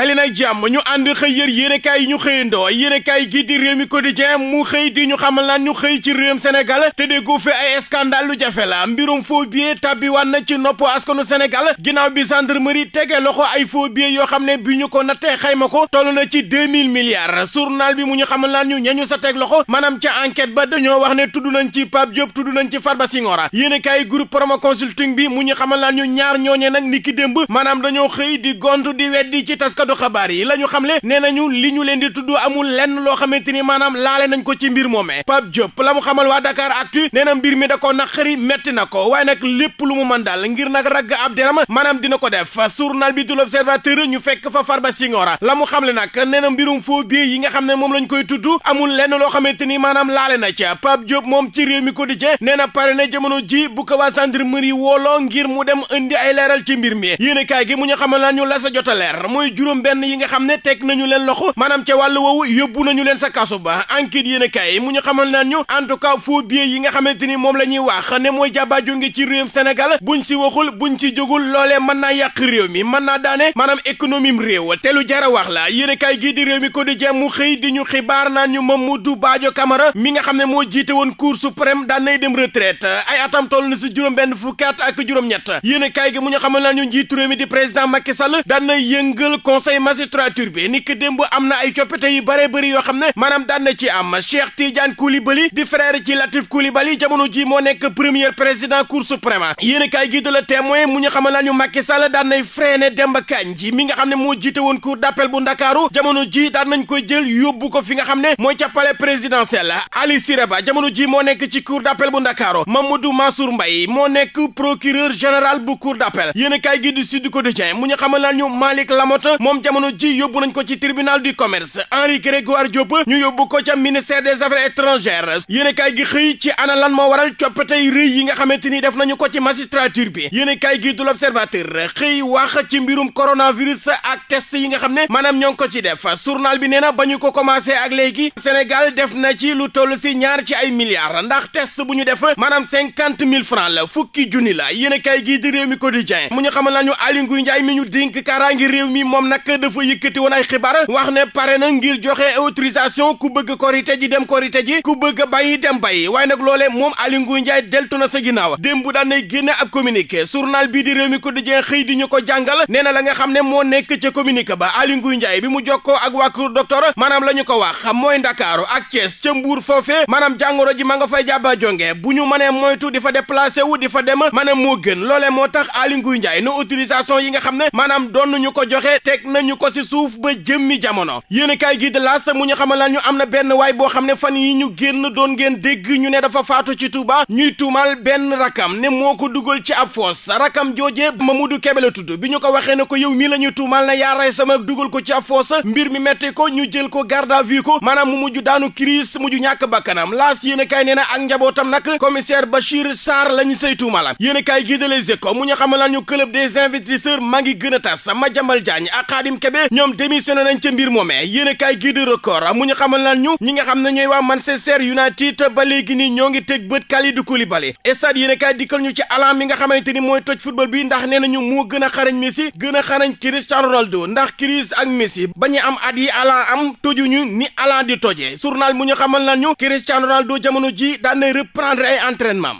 dali nag jàmm ñu ànd xëy yër yéenekaay yi ñu xëy xëyandoo yéenekaay gi di réew mi quotidien mu xëy di ñu xamal naan ñu xëy ci réewum Sénégal te déggu fi ay scandale lu jafe la mbirum faux billets tàbbiwaat na ci nopp askanu Sénégal ginnaaw bi gendarmerie tege loxo ay faux yoo xam ne bi ñu ko nattee xayma ko toll na ci deux mille milliards journal bi mu ñu xamal naan ñu ñañu sa teg loxo maanaam ca enquête ba dañoo wax ne tudd nañ ci Pape Diop tudd nañ ci Farba Senghor yéenekaay groupe promo consulting bi mu ñu xamal naan ñu ñaar ñooñe nag niki démb maanaam dañoo xëy di gontu di weddi ci taskatu xabaar la ñu xamle nee nañu li ñu leen di tudd amul lenn loo xamante ni maanaam laale nañ ko ci mbir moomee Pape Diop la mu xamal waa Dakar Actu nee mi da ko naqari metti na ko waaye nag lépp lu mu mën daal ngir nag ragg ab maanaam dina ko def journal bi du l'Observateur ñu fekk fa Farba Senghora la mu xamle nag na mbirum faux billets yi nga xam ne moom lañ koy tudd amul lenn loo xam xamante ni maanaam laale na ca Pape Diop moom ci réew mi quotidien nee na pare na jamono ji bu ko waa gendarmerie wooloo ngir mu dem indi ay leeral ci mbir mi yéen a gi mu ñu xamal la ñu la sa jota leer mooy juróom juróom-benn yi nga xam ne teg nañu leen loxo maanaam ca wàllu woowu yóbbu nañu leen sa kaso ba enquête yéen a kaay mu ñu xamal naan ñu en tout cas faux yi nga xamante ni moom la ñuy wax ne mooy jàbbaajo ngi ci réewum Sénégal buñ si waxul bu buñ ci jógul loole mën naa yàq réew mi mën naa daane maanaam économie réew telu lu jara wax la yéen a kaay gii di réew mi quotidien mu xëy di ñu xibaar naan ñu mu Mamadou baajo kamara mi nga xam ne moo jiite woon cour suprême daan nay dem retraite ay atam toll na si juróom-benn fukkaat ak juróom-ñett yéen a kaay gi mu ñu xamal naan ñu njiitu réew mi di président Macky Sall daan nay yëngal conseil magistrature bi ni ki démb am na ay coppite yu bare yoo xam ne maanaam daan na ci am Cheikh Tidiane Koulibaly di frère ci Latif Koulibaly jamono ji moo nekk premier président Cour suprême yéen a kaay gi de la témoin mu ñu xamal naa ñu Macky Sall daan nay freiné mi nga xam ne moo jiite woon cour d'appel bu Ndakaaru jamono ji daan nañ koy jël yóbbu ko fi nga xam ne mooy ca palais présidentiel Ali Siré Ba jamono ji moo nekk ci cour d'appel bu Ndakaaru Mamadou Mansour Mbaye moo nekk procureur général bu cour d'appel yéen naa ñu moom jamono ji yóbbu nañ ko ci tribunal du commerce Henri Grégoire Diop ñu yóbbu ko ca ministère des affaires étrangères yéen kaay gi xëy ci ana lan moo waral coppite yu rëy yi nga xamante ni def nañu ko ci magistrature bi yéen kaay gi du l'observateur xëy wax ci mbirum coronavirus ak test yi nga xam ne maanaam ñoo ngi ko ci def journal bi nee na ba ñu ko commencé ak léegi Sénégal def na ci lu toll si ñaar ci ay milliards ndax test bu ñu def maanaam cinquante mille francs la fukki junni la yéen kaay gi di mi quotidien mu ñu xamal la ñu Aly Ngouille Ndiaye réew mi moom nag nag dafa yëkkati woon ay xibaar wax ne pare na ngir joxe autorisation ku bëgg korite ji dem korite ji ku bëgg bàyyi dem bàyyi waaye nag loolee moom Aliou Ngouille Ndiaye deltu na sa ginnaaw démb bu daan nay génne ak communiqué journal bii di réew mi quotidien xëy di ñu ko jàngal nee na la nga xam ne moo nekk ci communiqué ba Aliou Ngouille Ndiaye bi mu jokkoo ak waa Kër Docteur maanaam la ñu ko wax mooy Ndakaaru ak Thiès ca Mbuur foofee maanaam jàngoro ji ma nga fay jàbba jonge bu ñu mënee moytu di fa déplacé wu di fa dem maanaam moo gën loolee moo tax Aliou Ngouille Ndiaye no autorisation yi nga xam ne maanaam doon ñu ko joxe teg nañu ko ci suuf ba jëmmi jamono yéen a kaay gi de laas mu ñu xamal ñu am na benn waay boo xam ne fan yi ñu génn doon ngeen dégg ñu ne dafa faatu ci Touba ñuy tuumaal benn rakam ne moo ko dugal ci ab foos rakam ma mu du la tudd bi ñu ko waxee ne ko yow mii la ñuy tuumal na yaa sama dugal ko ci ab foos mbir mi metti ko ñu jël ko gardaa à ko maanaam mu mujj daanu crise mujj ñàkk bakkanam laas yéen a kaay nee na ak njabootam nag commissaire Bachir Sarr la ñu say tuumala yéen a kaay gi de Les Échos mu ñu xamal ñu club des investisseurs maa ngi gën a tas Madiambal Diagne ak Khadim Kebe ñoom démissionné nañ ca mbir moomee yéen a kaay gii di record mu ñu xamal lan ñu ñi nga xam ne ñooy waa Manchester United ba léegi nii ñoo ngi teg bët Kalidou Koulibaly stade yéen a kaay dikkal ñu ci alam mi nga xamante ni mooy toj football bi ndax nee nañu moo gën a xarañ Messi gën a xarañ Cristiano Ronaldo ndax Chris ak Messi ba ñu am at yi alan am tojuñu ni alan di tojee journal mu ñu xamal lan ñu Cristiano Ronaldo jamono ji daan nay reprendre ay entraînement